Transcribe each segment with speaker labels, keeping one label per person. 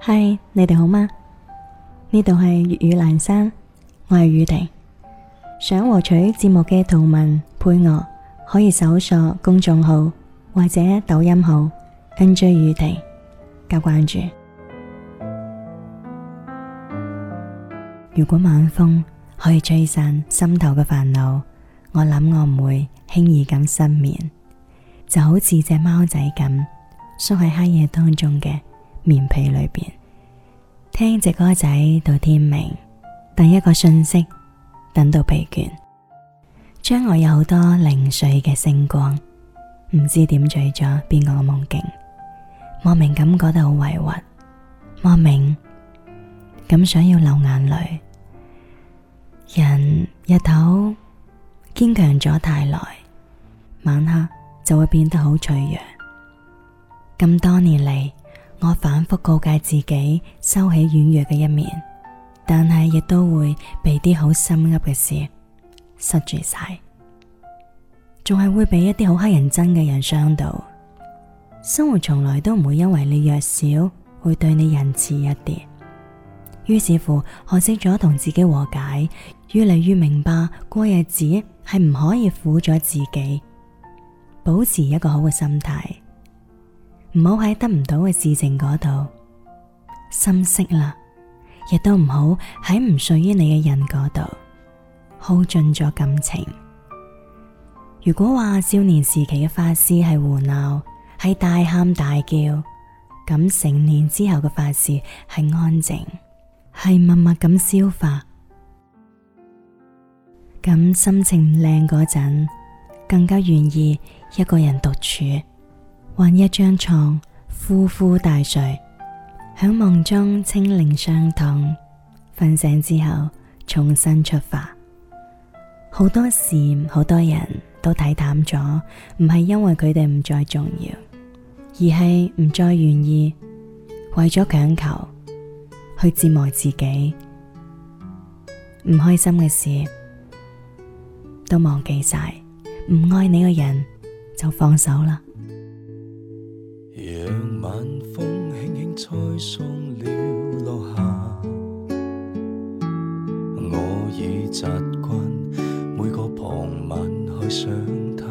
Speaker 1: 嗨，Hi，你哋好嗎？呢度係粵語闌珊，我係宇婷。想獲取節目嘅圖文配樂，可以搜索公眾號或者抖音號 NJ 宇婷，加關注。如果晚風可以吹散心頭嘅煩惱，我諗我唔會輕易咁失眠，就好似隻貓仔咁縮喺黑夜當中嘅。棉被裏邊聽隻歌仔到天明，等一個訊息等到疲倦，窗外有好多零碎嘅星光，唔知點綴咗邊個嘅夢境，莫名咁覺得好委屈，莫名咁想要流眼淚。人日頭堅強咗太耐，晚黑就會變得好脆弱。咁多年嚟。我反覆告誡自己收起軟弱嘅一面，但係亦都會被啲好心悒嘅事塞住晒，仲係會俾一啲好乞人憎嘅人傷到。生活從來都唔會因為你弱小，會對你仁慈一啲。於是乎，學識咗同自己和解，越嚟越明白過日子係唔可以苦咗自己，保持一個好嘅心態。唔好喺得唔到嘅事情嗰度心息啦，亦都唔好喺唔屬於你嘅人嗰度耗盡咗感情。如果話少年時期嘅發洩係胡鬧，係大喊大叫，咁成年之後嘅發洩係安靜，係默默咁消化。咁心情唔靚嗰陣，更加願意一個人獨處。揾一張床，呼呼大睡，喺夢中清零傷痛。瞓醒之後，重新出發。好多事，好多人都睇淡咗，唔係因為佢哋唔再重要，而係唔再願意為咗強求去折磨自己。唔開心嘅事都忘記晒，唔愛你嘅人就放手啦。
Speaker 2: 讓晚風輕輕吹送了落霞，我已習慣每個傍晚去想他，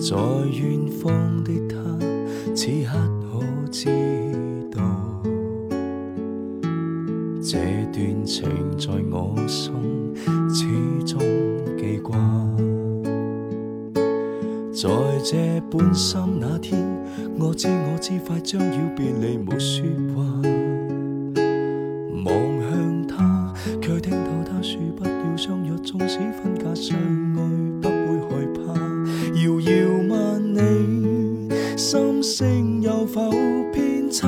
Speaker 2: 在遠方的他，此刻可知道這段情在我心始終記掛。在這半山那天，我知我知，快將要別離，沒説話。望向他，卻聽到他説不要相約，縱使分隔，相愛不會害怕。遙遙萬里，心聲有否偏差？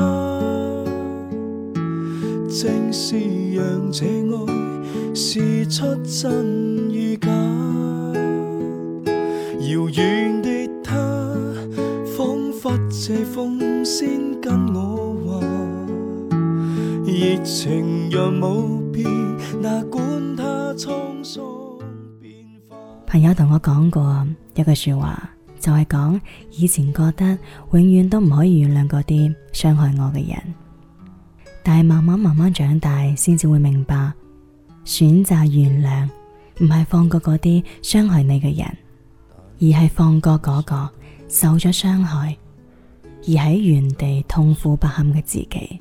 Speaker 2: 正是讓這愛試出真與假，遙遠。先跟我話，熱情若冇變，哪管它滄桑
Speaker 1: 變化。朋友同我講過一句說話，就係講以前覺得永遠都唔可以原諒嗰啲傷害我嘅人，但係慢慢慢慢長大，先至會明白，選擇原諒唔係放過嗰啲傷害你嘅人，而係放過嗰個受咗傷害。而喺原地痛苦不堪嘅自己，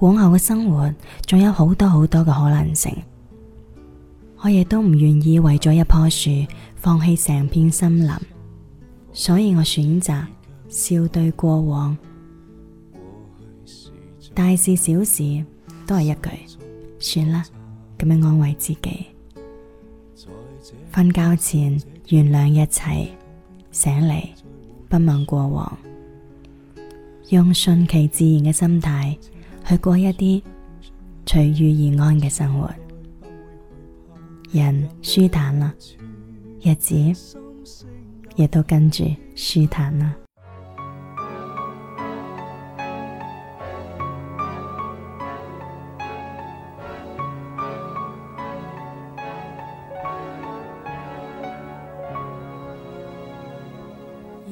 Speaker 1: 往後嘅生活仲有好多好多嘅可能性，我亦都唔願意為咗一棵樹放棄成片森林，所以我選擇笑對過往，大事小事都係一句算啦，咁樣安慰自己。瞓覺前原諒一切，醒嚟。不問過往，用順其自然嘅心態去過一啲隨遇而安嘅生活，人舒坦啦，日子亦都跟住舒坦啦。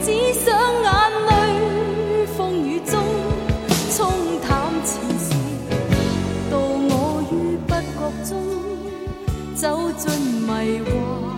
Speaker 3: 只想眼淚風雨中沖淡前事，渡我於不覺中走進迷幻。